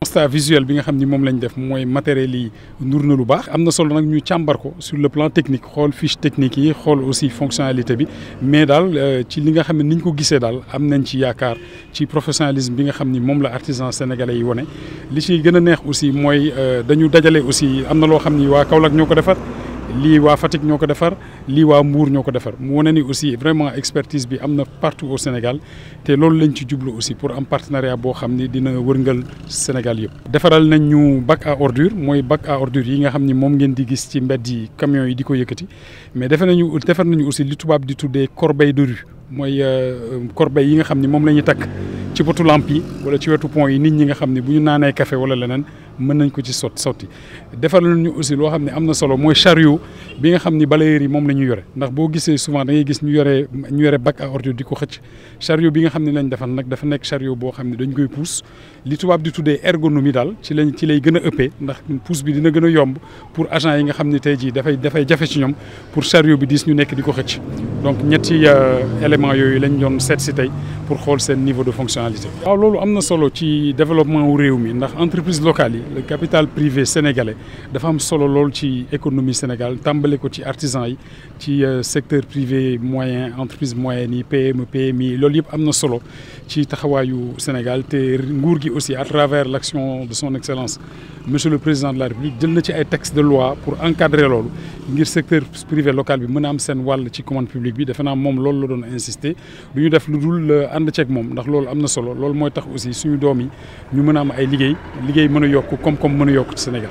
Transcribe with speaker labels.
Speaker 1: constat visuel bi nga xam ni moom lañ def mooy matériel yi nur na lu baax am na solo nag ñu càmbar ko sur le plan technique xool fiche technique yi xool aussi fonctionnalité bi mais daal euh, ci li nga xam ne ni ñu ko gisee daal am nañ ci yaakaar ci professionnalisme bi nga xam ni moom la artisan sénégalais yi wane. li ci gën a neex aussi mooy euh, dañu dajale aussi am na loo xam ni waa Kaolack ñoo ko defar. lii waa Fatick ñoo ko defar lii waa mbuur ñoo ko defar mu wane ni aussi vraiment expertise bi am na partout au Sénégal te loolu lañ ci jublu aussi pour am partenariat boo xam ni dina wërngal Sénégal yëpp. defaral nañ ñu bac à ordure mooy bac à ordure yi nga xam ni moom ngeen di gis ci mbedd yi camions yi di ko yëkkati mais defe nañu defar nañu aussi li tubaab di tuddee corbeille de rue mooy euh, corbeille yi nga xam ni moom la ñuy takk. ci bëtu lamp yi wala ci wetu pont yi nit ñi nga xam ne bu ñu naanee café wala leneen mën nañ ko ci sot sotti defal ñu aussi loo xam ne am na solo mooy chariot bi nga xam ni bale yi moom la ñu yore ndax boo gisee souvent da gis ñu yore ñu a bac à ordures di ko xëcc chariot bi nga xam ne lañ defan nag dafa nekk chariot boo xam ne dañ koy pousse li tubaab di tuddee ergonomie daal ci lañ ci lay gën a ëppee ndax pousse bi dina gën a yomb pour agent yi nga xam ne tey jii dafay dafay jafe ci ñoom pour chariot bi diis ñu nekk di ko xëcc donc ñetti euh, éléments yooyu lañ doon seet si tey pour xool seen niveau de fonctionnalité. waaw loolu am na solo ci développement wu réew mi ndax entreprise locale yi le capital privé sénégalais dafa am solo lool ci économie Sénégal tàmbale ko ci artisan yi ci euh, secteur privé moyen entreprise moyen yi PME PMI loolu yëpp am na solo ci taxawaayu Sénégal te nguur gi aussi à travers l'action de son excellence monsieur le président de la République jël na ci ay textes de loi pour encadrer loolu ngir secteur privé local bi mën am seen wàll ci commande publique bi defe naa moom loolu la doon insister du ñu def lu dul euh, ànd ceeg moom ndax loolu am na solo loolu mooy tax aussi suñu doom yi ñu mën am ay liggéey liggéey mën a yokk koom mën yokk ci Sénégal